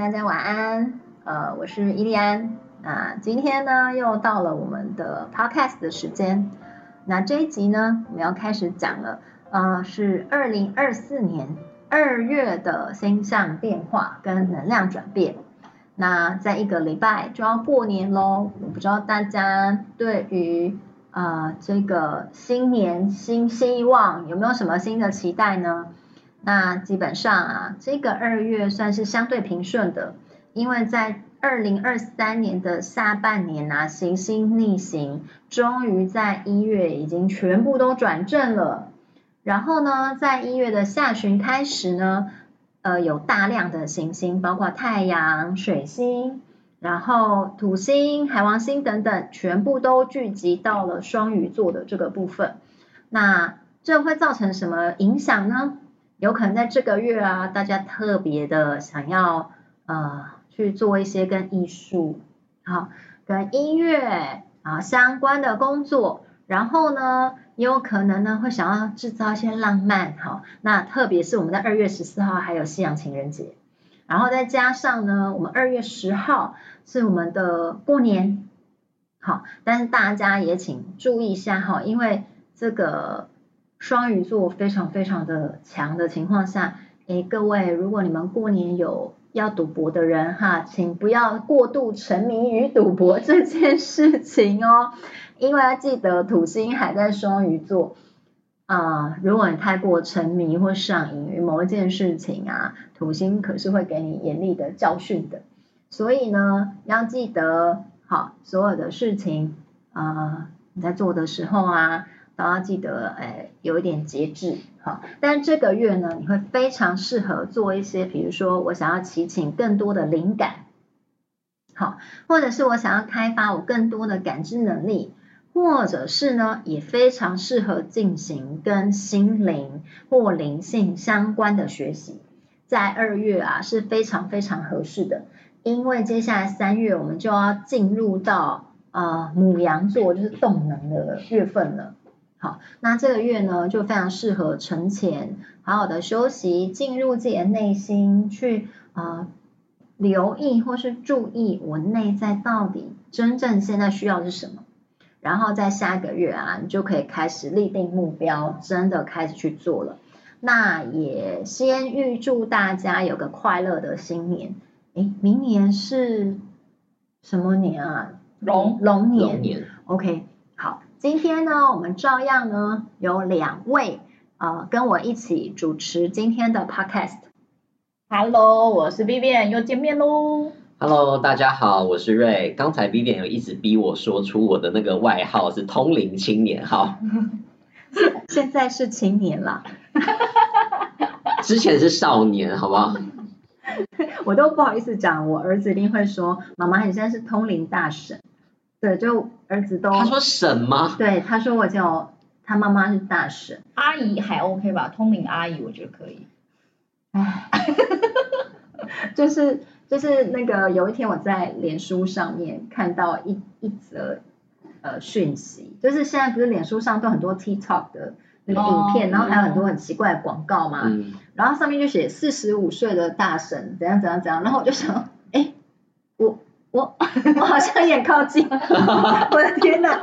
大家晚安，呃，我是伊麗安啊，那今天呢又到了我們的 podcast 的時間，那這一集呢我們要開始講了，啊、呃，是2024年2月的星象變化跟能量轉變，那再一個禮拜就要過年嘍，我不知道大家對於啊、呃、這個新年新、新希望有沒有什麼新的期待呢？那基本上啊，這個二月算是相對平順的，因為在二零二三年的下半年啊，行星逆行，終於在一月已經全部都轉正了。然後呢，在一月的下旬開始呢，呃，有大量的行星，包括太陽、水星，然後土星、海王星等等，全部都聚集到了雙魚座的這個部分。那這會造成什麼影響呢？有可能在這個月啊，大家特別的想要呃去做一些跟藝術、好跟音樂啊相關的工作，然後呢，也有可能呢會想要製造一些浪漫，好，那特別是我們在二月十四號還有西洋情人節，然後再加上呢，我們二月十號是我們的過年，好，但是大家也請注意一下哈，因為這個。雙魚座非常非常的強的情況下，誒，各位，如果你們過年有要賭博的人哈，請不要過度沉迷於賭博這件事情哦，因為要記得土星還在雙魚座啊，呃，如果你太過沉迷或上癮於某一件事情啊，土星可是會給你嚴厲的教訓的，所以呢，要記得好所有的事情啊，呃，你在做的時候啊。然後記得，誒、哎，有一點節制，哈。但這個月呢，你會非常適合做一些，比如說我想要祈請更多的靈感，好，或者是我想要開發我更多的感知能力，或者是呢，也非常適合進行跟心靈或靈性相關的學習，在二月啊是非常非常合適的，因為接下來三月我們就要進入到啊、呃、牡羊座，就是動能的月份了。好，那這個月呢，就非常適合存錢，好好的休息，進入自己的內心去啊、呃、留意或是注意我內在到底真正現在需要的是什麼，然後在下個月啊，你就可以開始立定目標，真的開始去做了。那也先預祝大家有個快樂的新年，誒，明年是什麼年啊？龍、oh, 龍年。龍年。OK，好。今天呢，我們照樣呢有兩位呃跟我一起主持今天的 podcast。Hello，我是 Vivian，又見面嘍。Hello，大家好，我是 Ray。剛才 Vivian 有一直逼我說出我的那個外號是通靈青年號，好。 現在是青年了。 之前是少年，好不好？ 我都不好意思講，我兒子一定會說，媽媽你現在是通靈大神。對，就兒子都他說什麼？對，他說我叫他媽媽是大神阿姨還 OK 吧？通靈阿姨我覺得可以，哎唉， 就是就是那個有一天我在臉書上面看到一一則呃訊息，就是現在不是臉書上都很多 TikTok 的那個影片，哦、然後還有很多很奇怪的廣告嘛，嗯、然後上面就寫四十五歲的大神怎樣怎樣怎樣，然後我就想，哎、欸，我。我我好像也靠近， 我的天哪！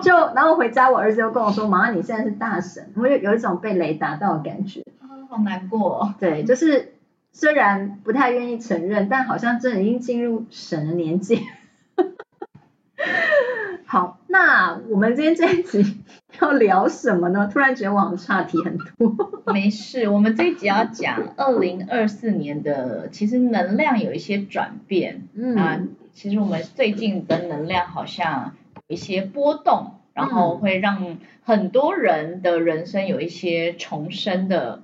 就然後回家，我兒子就跟我說：“媽你現在是大神。”我有有一種被雷打到的感覺，哦、好難過、哦。對，就是雖然不太願意承認，但好像真的已經進入神的年紀。好，那我們今天這一集要聊什麼呢？突然覺得網差題很多。沒事，我們這一集要講二零二四年的，其實能量有一些轉變。嗯。啊，其實我們最近的能量好像有一些波動，然後會讓很多人的人生有一些重生的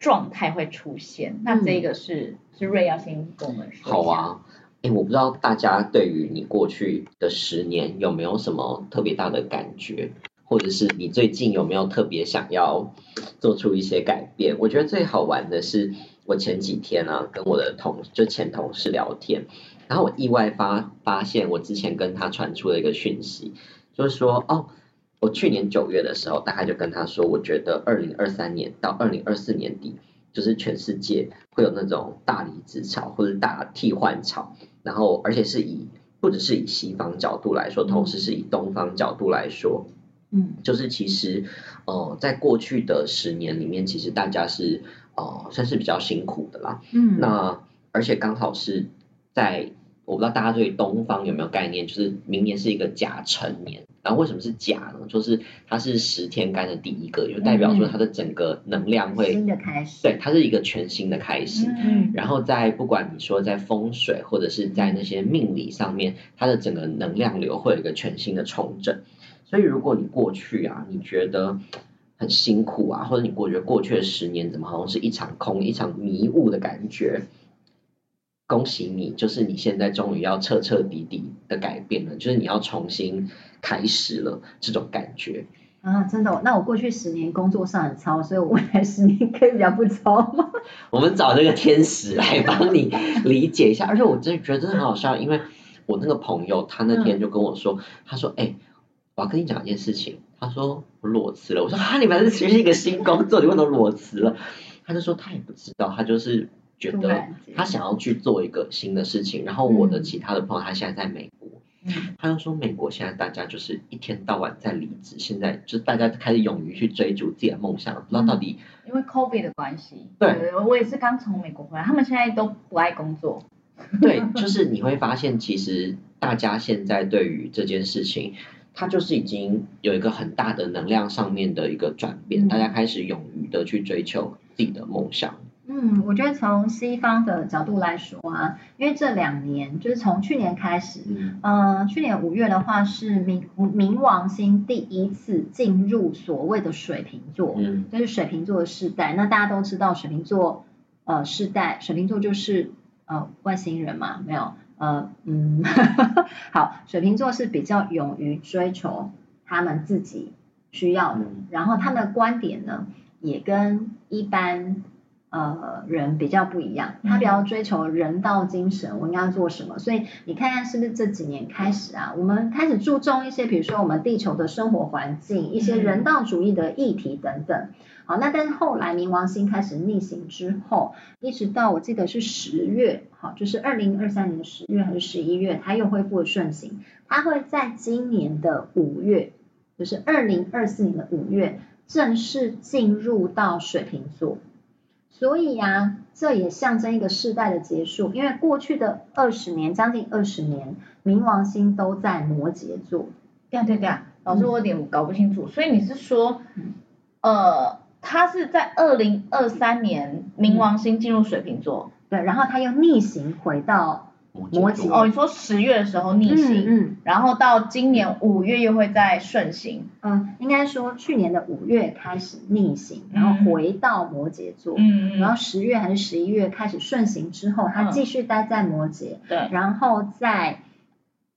狀態會出現。嗯，那這個是是瑞要先跟我們說。好啊。誒，我不知道大家對於你過去的十年有沒有什麼特別大的感覺，或者是你最近有沒有特別想要做出一些改變？我覺得最好玩的是，我前幾天啊跟我的同就前同事聊天，然後我意外發發現我之前跟他傳出了一個訊息，就是說哦，我去年九月的時候，大概就跟他說，我覺得二零二三年到二零二四年底，就是全世界會有那種大離職潮或者大替換潮。然後，而且是以不只是以西方角度來說，同時是以東方角度來說，嗯，就是其實，呃，在過去的十年裡面，其實大家是呃算是比較辛苦的啦，嗯，那而且剛好是在，我不知道大家對東方有沒有概念，就是明年是一個甲辰年。然後為什麼是甲呢？就是它是十天干的第一個，就代表說它的整個能量會、嗯、新的開始，對，它是一個全新的開始。嗯，然後在不管你說在風水或者是在那些命理上面，它的整個能量流會有一個全新的重整。所以如果你過去啊，你覺得很辛苦啊，或者你過覺得過去的十年怎麼好像是一場空、一場迷霧的感覺。恭喜你，就是你現在終於要徹徹底底的改變了，就是你要重新開始了這種感覺。啊，真的、哦，那我過去十年工作上很操，所以我未來十年可以比較不操嗎？我們找這個天使來幫你理解一下， 而且我真的覺得真的很好笑，因為我那個朋友他那天就跟我說，嗯、他說：“哎、欸，我要跟你講一件事情。”他說：“我裸辭了。”我說：“哈、啊，你們其實是一個新工作，你不能裸辭了？”他就說他也不知道，他就是。覺得他想要去做一個新的事情，嗯、然後我的其他的朋友他現在在美國，嗯、他就說美國現在大家就是一天到晚在離職，現在就大家就開始勇於去追逐自己的夢想，不知道到底因為 COVID 的關係，對，對，對，我也是剛從美國回來，他們現在都不愛工作。對， 就是你會發現，其實大家現在對於這件事情，他就是已經有一個很大的能量上面的一個轉變，嗯、大家開始勇於的去追求自己的夢想。嗯，我覺得從西方的角度來說啊，因為這兩年就是從去年開始，嗯，呃，去年五月的話是冥冥王星第一次進入所謂的水瓶座，嗯，就是水瓶座的世代。那大家都知道，水瓶座呃世代，水瓶座就是呃外星人嘛？沒有，呃，嗯， 好，水瓶座是比較勇於追求他們自己需要的，嗯、然後他們的觀點呢，也跟一般。呃，人比較不一樣，他比較追求人道精神，我應該要做什麼？所以你看看是不是這幾年開始啊，我們開始注重一些，比如說我們地球的生活環境，一些人道主義的議題等等。好，那但是後來冥王星開始逆行之後，一直到我記得是十月，好，就是二零二三年的十月還是十一月，它又恢復了順行。它會在今年的五月，就是二零二四年的五月，正式進入到水瓶座。所以呀、啊，這也象徵一個世代的結束，因為過去的二十年，將近二十年，冥王星都在摩羯座。對、啊、對對、啊，老師我有點搞不清楚，嗯、所以你是說，呃，他是在二零二三年冥王星進入水瓶座、嗯嗯，對，然後他又逆行回到。摩羯，羯哦，你說十月的時候逆行，嗯，嗯，然後到今年五月又會再順行。嗯，應該說去年的五月開始逆行，嗯、然後回到摩羯座，嗯，嗯，然後十月還是十一月開始順行之後，他，嗯、繼續待在摩羯、嗯，對，然後在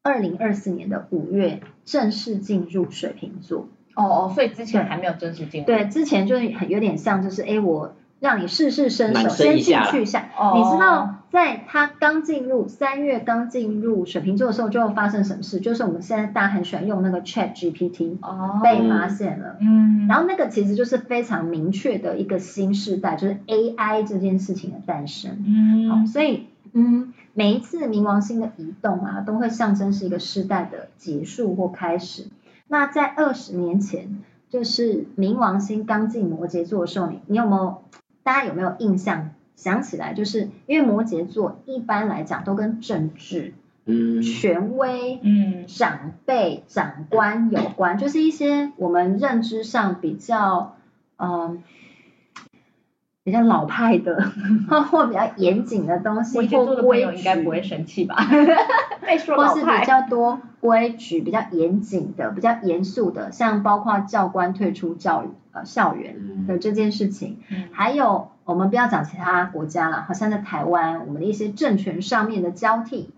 二零二四年的五月正式進入水瓶座。哦哦，所以之前還沒有正式進入，對，之前就是有點像，就是哎我。讓你事事伸手先進去一下，下哦、你知道，在他剛進入三月剛進入水瓶座的時候，就會發生什麼事？就是我們現在大家很喜歡用那個 Chat GPT、哦、被發現了，嗯嗯、然後那個其實就是非常明確的一個新世代，就是 AI 這件事情的誕生，嗯、好，所以嗯，每一次冥王星的移動啊，都會象徵是一個時代的結束或開始。那在二十年前，就是冥王星剛進摩羯座的時候，你你有沒有？大家有沒有印象？想起來，就是因為摩羯座一般來講都跟政治、嗯，權威、嗯，長輩、長官有關，就是一些我們認知上比較，嗯、呃。比較老派的，或比較嚴謹的東西，或我覺得我有應該不會生氣吧？ 或是比較多規矩、比較嚴謹的、比較嚴肅的，像包括教官退出教育，呃校園的這件事情，嗯嗯，還有我們不要講其他國家了，好像在台灣，我們的一些政權上面的交替，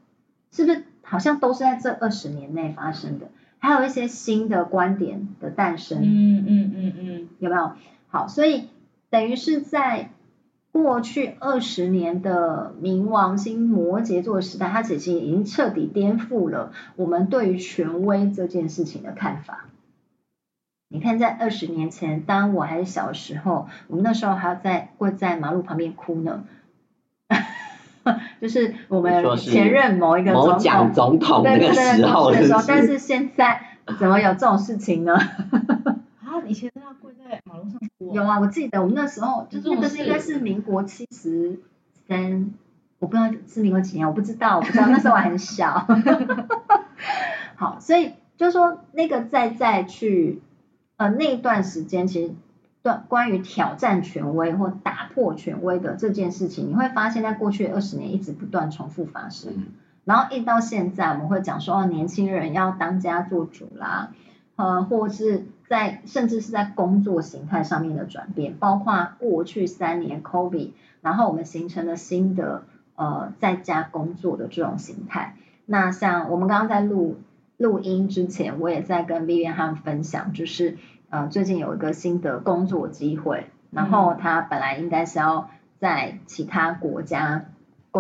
是不是？好像都是在這二十年內發生的，還有一些新的觀點的誕生。嗯嗯嗯嗯、嗯嗯嗯有沒有？好，所以。等於是在過去二十年的冥王星摩羯座時代，它已經徹底顛覆了我們對於權威這件事情的看法。你看，在二十年前，當我還是小時候，我們那時候還要在會在馬路旁邊哭呢。 就是我們前任某一個總統，某蔣總統那個時候，但是現在怎麼有這種事情呢？ 以前都要跪在馬路上哭，啊。有啊，我記得我們那時候，就是那個是應該是民國七十三，我不知道是民國幾年，我不知道，我不知道， 知道那時候我還很小。 好，所以就是說，那個再再去，呃，那一段時間，其實，段關於挑戰權威或打破權威的這件事情，你會發現，在過去二十年一直不斷重複發生。嗯、然後一到現在，我們會講說，哦，年輕人要當家做主啦，呃，或是。在甚至是在工作形態上面的轉變，包括過去三年 COVID，然後我們形成了新的呃在家工作的這種形態。那像我們剛剛在錄錄音之前，我也在跟 Vivian 他們分享，就是呃最近有一個新的工作機會，然後他本來應該是要在其他國家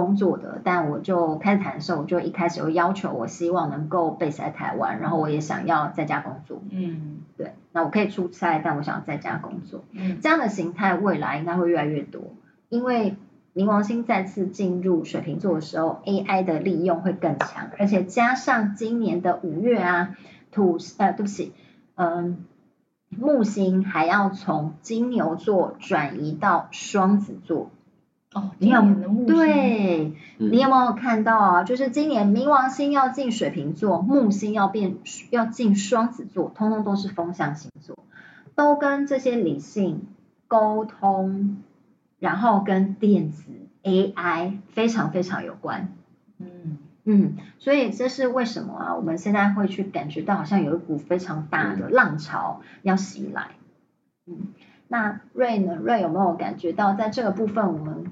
工作的，但我就開始談的時候，我就一開始有要求，我希望能夠被留在台灣，然後我也想要在家工作。嗯，對，那我可以出差，但我想要在家工作。嗯，這樣的形態未來應該會越來越多，因為冥王星再次進入水瓶座的時候，AI 的利用會更強，而且加上今年的五月啊，土呃，對不起，嗯，木星還要從金牛座轉移到雙子座。哦、你有，有對，嗯、你有沒有看到啊？就是今年冥王星要進水瓶座，木星要變要進雙子座，通通都是風象星座，都跟這些理性溝通，然後跟電子 AI 非常非常有關。嗯嗯，所以這是為什麼啊？我們現在會去感覺到好像有一股非常大的浪潮要襲來。嗯。那 Ray 呢 Ray 有沒有感覺到，在這個部分我們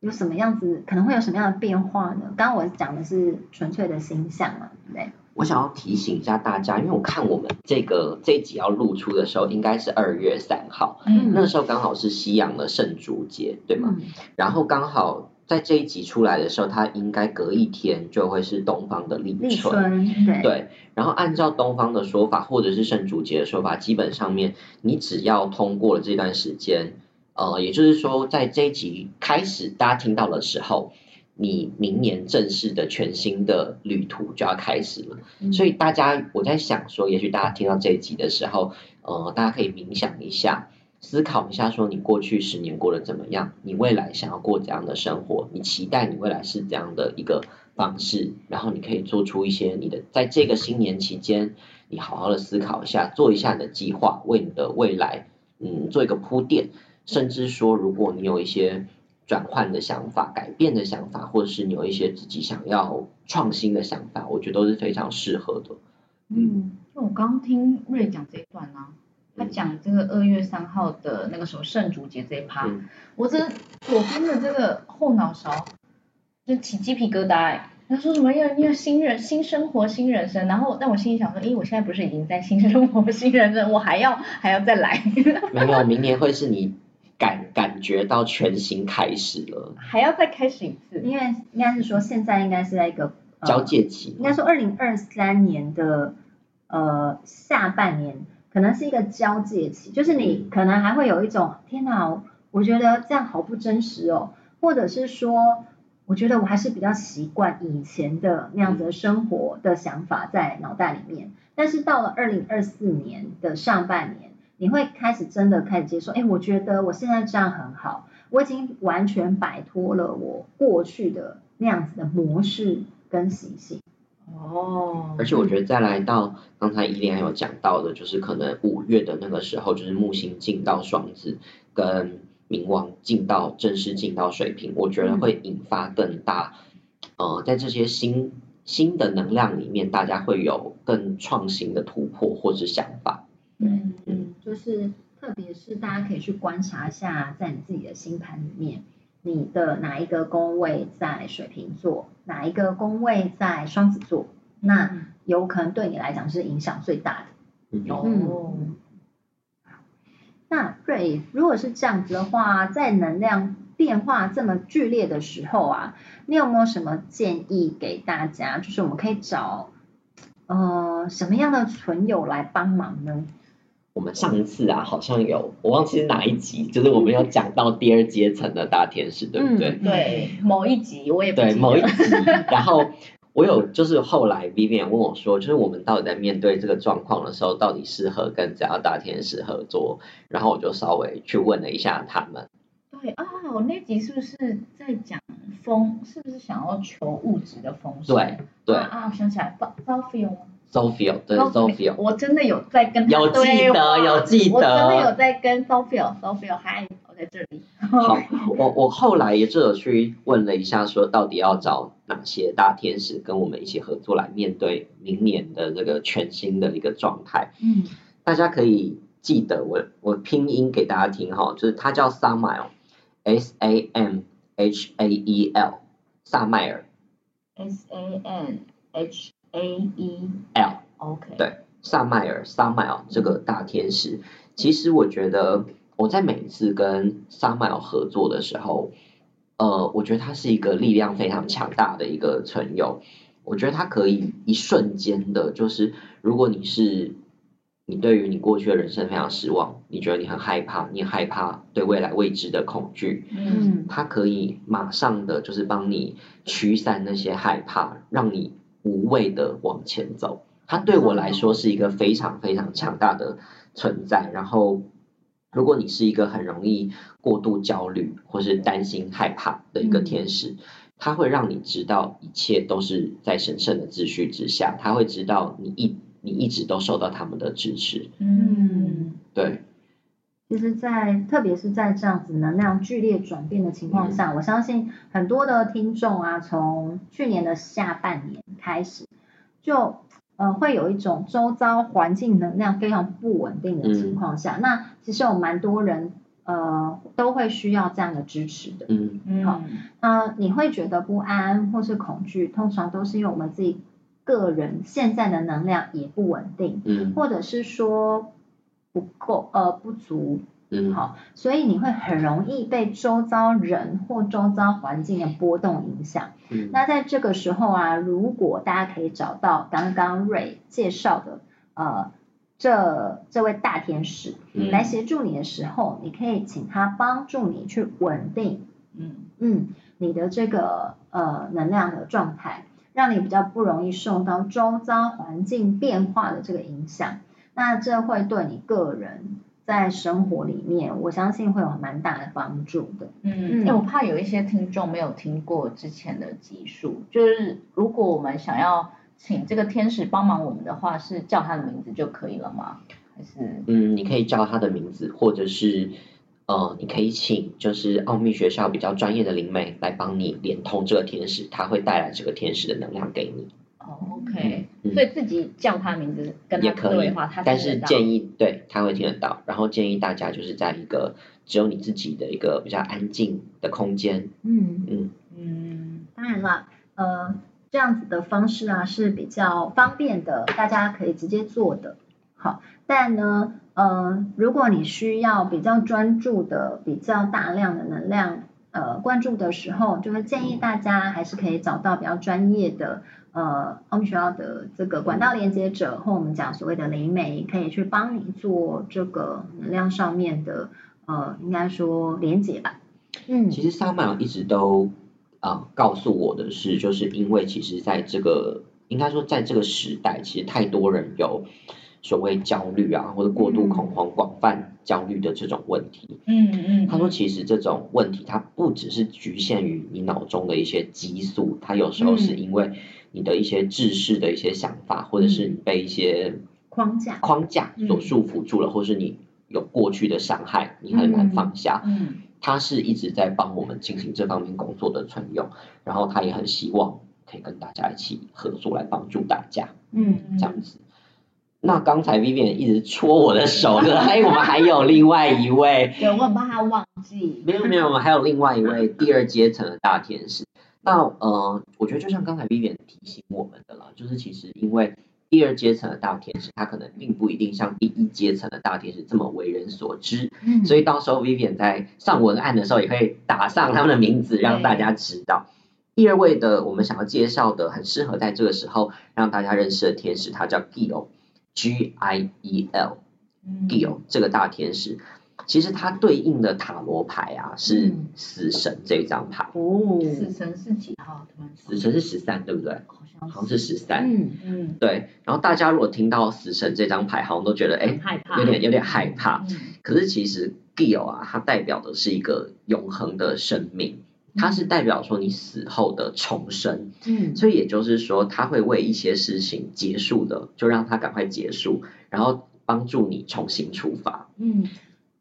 有什麼樣子，可能會有什麼樣的變化呢？剛剛我講的是純粹的形象嘛、啊，對。我想要提醒一下大家，因為我看我們這個這一集要露出的時候，應該是二月三號，嗯,嗯，那個時候剛好是西洋的聖燭節，對嗎？嗯、然後剛好。在這一集出來的時候，它應該隔一天就會是東方的立春，對，對。然後按照東方的說法，或者是聖主節的說法，基本上面你只要通過了這段時間，呃，也就是說，在這一集開始大家聽到的時候，你明年正式的全新的旅途就要開始了。所以大家，我在想說，也許大家聽到這一集的時候，呃，大家可以冥想一下。思考一下，說你過去十年過得怎麼樣？你未來想要過怎樣的生活？你期待你未來是怎樣的一個方式？然後你可以做出一些你的，在這個新年期間，你好好的思考一下，做一下你的計劃，為你的未來，嗯，做一個鋪墊。甚至說，如果你有一些轉換的想法、改變的想法，或者是你有一些自己想要創新的想法，我覺得都是非常適合的。嗯，那、嗯、我剛剛聽瑞講這一段呢、啊。他講這個二月三號的那個什麼聖燭節這一趴、嗯，我這左邊的這個後腦勺就起雞皮疙瘩，欸。他說什麼要要新人新生活新人生，然後但我心裡想說，因為我現在不是已經在新生活新人生，我還要還要再來？ 沒有，明年會是你感感覺到全新開始了，還要再開始一次，因為應該是說，現在應該是在一個交、呃、界期，應該說二零二三年的呃下半年。可能是一個交界期，就是你可能還會有一種天哪，我覺得這樣好不真實哦，或者是說，我覺得我還是比較習慣以前的那樣子的生活的想法在腦袋裡面，但是到了二零二四年的上半年，你會開始真的開始接受，哎，我覺得我現在這樣很好，我已經完全擺脫了我過去的那樣子的模式跟習性。哦，而且我覺得再來到剛才伊蓮有講到的，就是可能五月的那個時候，就是木星進到雙子，跟冥王進到正式進到水瓶，我覺得會引發更大，呃，在這些新新的能量裡面，大家會有更創新的突破或是想法。嗯，就是特別是大家可以去觀察一下，在你自己的星盤裡面。你的哪一個宮位在水瓶座，哪一個宮位在雙子座，那有可能對你來講是影響最大的。哦、嗯哼，嗯、那 Ray 如果是這樣子的話，在能量變化這麼劇烈的時候啊，你有沒有什麼建議給大家？就是我們可以找呃什麼樣的存有來幫忙呢？我們上一次啊，好像有我忘記是哪一集，就是我們要講到第二階層的大天使，嗯、對不對？對，某一集我也不對某一集。 然後我有就是後來 Vivian 問我說，就是我們到底在面對這個狀況的時候，到底適合跟怎樣大天使合作？然後我就稍微去問了一下他們。對啊，我、哦、那集是不是在講風？是不是想要求物質的風水？對、對。啊，我、啊、想起來包包 Sophie 哦，對，Sophie 哦，Sophie. 我真的有在跟他對話，有記得，我有記得，真的有在跟 ia, Sophie 哦，Sophie 哦，Hi，我在這裡。好， 我我後來也就有去問了一下，說到底要找哪些大天使跟我們一起合作來面對明年的這個全新的一個狀態。嗯，大家可以記得我我拼音給大家聽哈、哦，就是他叫 Samhael，S A M H A E L，薩麥爾。S, S A M H。A e L, A E L，OK，L, Okay. 對，薩麥爾，薩麥爾這個大天使，其實我覺得我在每次跟薩麥爾合作的時候，呃，我覺得他是一個力量非常強大的一個存有。我覺得他可以一瞬間的，就是如果你是你對於你過去的人生非常失望，你覺得你很害怕，你害怕對未來未知的恐懼，嗯，他可以馬上的就是幫你驅散那些害怕，讓你。無畏的往前走，它對我來說是一個非常非常強大的存在。然後，如果你是一個很容易過度焦慮或是擔心害怕的一個天使，它會讓你知道一切都是在神聖的秩序之下。他會知道你一你一直都受到他們的支持。嗯，對。其實在，特別是在這樣子能量劇烈轉變的情況下，嗯、我相信很多的聽眾啊，從去年的下半年開始，就呃會有一種周遭環境能量非常不穩定的情況下，嗯、那其實有蠻多人呃都會需要這樣的支持的。嗯嗯。好、那、呃、你會覺得不安或是恐懼，通常都是因為我們自己個人現在的能量也不穩定，嗯、或者是說。不夠呃不足，嗯好，所以你會很容易被周遭人或周遭環境的波動影響。嗯，那在這個時候啊，如果大家可以找到剛剛 Ray 介紹的呃這這位大天使，嗯，來協助你的時候，你可以請他幫助你去穩定，嗯嗯，你的這個呃能量的狀態，讓你比較不容易受到周遭環境變化的這個影響。那這會對你個人在生活裡面，我相信會有蠻大的幫助的。嗯，因為我怕有一些聽眾沒有聽過之前的集數，就是如果我們想要請這個天使幫忙我們的話，是叫他的名字就可以了嗎？還是？嗯，你可以叫他的名字，或者是呃，你可以請就是奧秘學校比較專業的靈媒來幫你連通這個天使，他會帶來這個天使的能量給你。哦，OK、嗯。嗯所以自己叫他名字跟他可以的話，也可他但是建議，對，他會聽得到，然後建議大家就是在一個只有你自己的一個比較安靜的空間。嗯嗯嗯，當然了，呃，這樣子的方式啊是比較方便的，大家可以直接做的。好，但呢，呃，如果你需要比較專注的、比較大量的能量呃關注的時候，就是建議大家還是可以找到比較專業的。嗯呃，我們需要的這個管道連接者，或、嗯、我們講所謂的靈媒，可以去幫你做這個能量上面的呃，應該說連接吧。其實嗯，其實薩滿一直都、呃、告訴我的是，就是因為其實在這個應該說在這個時代，其實太多人有所謂焦慮啊，或者過度恐慌、廣泛焦慮的這種問題。嗯，嗯嗯，他說其實這種問題，它不只是局限於你腦中的一些激素，它有時候是因為。你的一些制式的一些想法，或者是你被一些框架框架所束縛住了，嗯、或者是你有過去的傷害，你很難放下。嗯，嗯，他是一直在幫我們進行這方面工作的存有，然後他也很希望可以跟大家一起合作來幫助大家。嗯，嗯，這樣子。那剛才 Vivian 一直戳我的手，嗯、哎， 我們還有另外一位，對，我很怕他忘記。沒有沒有，我們還有另外一位第二階層的大天使。到呃，我覺得就像剛才 Vivian 提醒我們的了，就是其實因為第二階層的大天使，他可能並不一定像第一階層的大天使這麼為人所知。嗯，所以到時候 Vivian 在上文案的時候，也可以打上他們的名字，嗯、讓大家知道。第二位的我們想要介紹的，很適合在這個時候讓大家認識的天使，他叫 Giel，G I E L，Giel 這個大天使。其實它對應的塔羅牌啊是死神這張牌，嗯。哦。死神是幾號？死，死神是十三，對不對？好像是十三。嗯嗯。對，然後大家如果聽到死神這張牌，好像都覺得哎，有點有點害怕。嗯嗯、可是其實 Giel 啊，它代表的是一個永恆的生命，它是代表說你死後的重生。嗯。嗯，所以也就是說，他會為一些事情結束的，就讓他趕快結束，然後幫助你重新出發。嗯。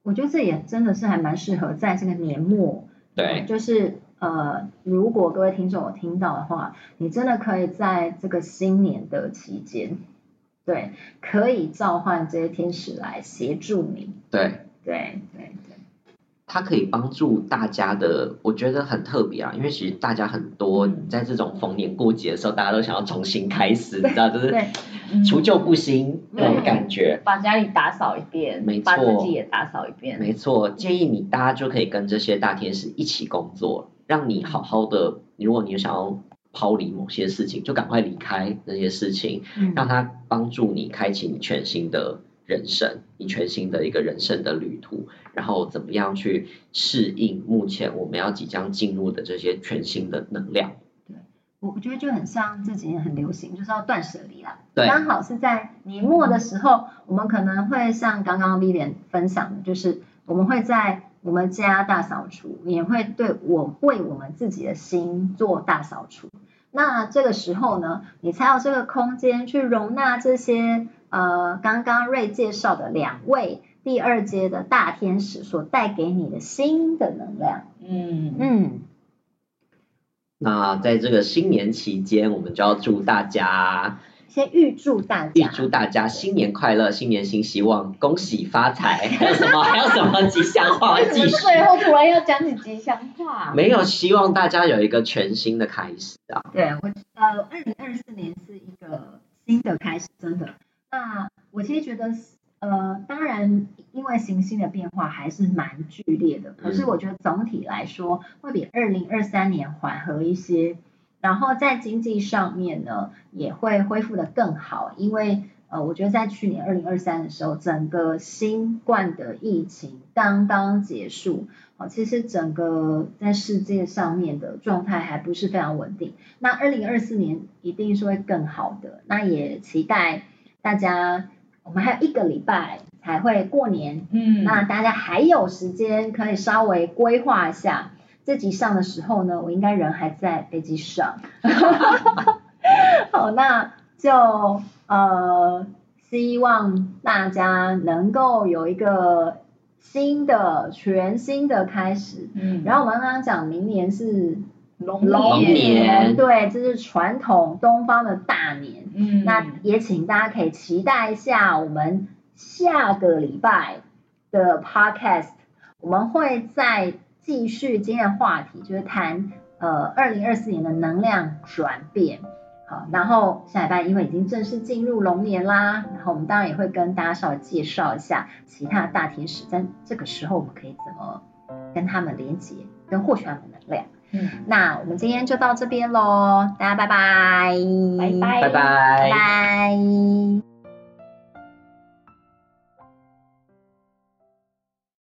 我覺得這也真的是還蠻適合在這個年末，對、呃，就是呃，如果各位聽眾有聽到的話，你真的可以在這個新年的期間，對，可以召喚這些天使來協助你，對，對，對，對。它可以幫助大家的，我覺得很特別啊，因為其實大家很多你在這種逢年過節的時候，嗯、大家都想要重新開始，對你知道，就是除舊佈新對那種感覺，把家裡打掃一遍，沒錯錯，把自己也打掃一遍，沒錯。建議你大家就可以跟這些大天使一起工作，讓你好好的。如果你有想要拋離某些事情，就趕快離開那些事情，嗯、讓它幫助你開啟你全新的，人生，你全新的一個人生的旅途，然後怎麼樣去適應目前我們要即將進入的這些全新的能量？對，我覺得就很像這幾年很流行，就是要斷捨離啦。對剛好是在年末的時候，我們可能會像剛剛 Vivian 分享的，就是我們會在我們家大掃除，也會對我為我們自己的心做大掃除。那這個時候呢，你才有這個空間去容納這些。呃，剛剛瑞介紹的兩位第二階的大天使所帶給你的新的能量，嗯嗯。嗯，那在這個新年期間，我們就要祝大家先預祝大家預祝大家新年快樂，對新年新希望，恭喜發財，還有什麼 還有什麼吉祥話？為什麼，最後突然要講起吉祥話，沒有，希望大家有一個全新的開始啊！對，我知道二零二四年是一個新的開始，真的。那我其實覺得，呃，當然因為行星的變化還是蠻劇烈的，可是我覺得總體來說會比二零二三年緩和一些。然後在經濟上面呢，也會恢復得更好，因為呃，我覺得在去年二零二三的時候，整個新冠的疫情剛剛結束，哦，其實整個在世界上面的狀態還不是非常穩定。那二零二四年一定是會更好的，那也期待。大家，我們還有一個禮拜才會過年，嗯，那大家還有時間可以稍微規劃一下。這集上的時候呢，我應該人還在飛機上。 好，那就呃，希望大家能夠有一個新的、全新的開始。嗯，然後我們剛剛講，明年是。龍年，龍年對。這、就是傳統東方的大年。嗯，那也請大家可以期待一下我們下個禮拜的 podcast，我們會再繼續今天的話題，就是談呃二零二四年的能量轉變。好，然後下禮拜因為已經正式進入龍年啦，然後我們當然也會跟大家稍微介紹一下其他大天使，在這個時候我們可以怎麼跟他們連接，跟獲取他們的能量。嗯，那我們今天就到這邊嘍，大家拜拜，拜拜拜拜。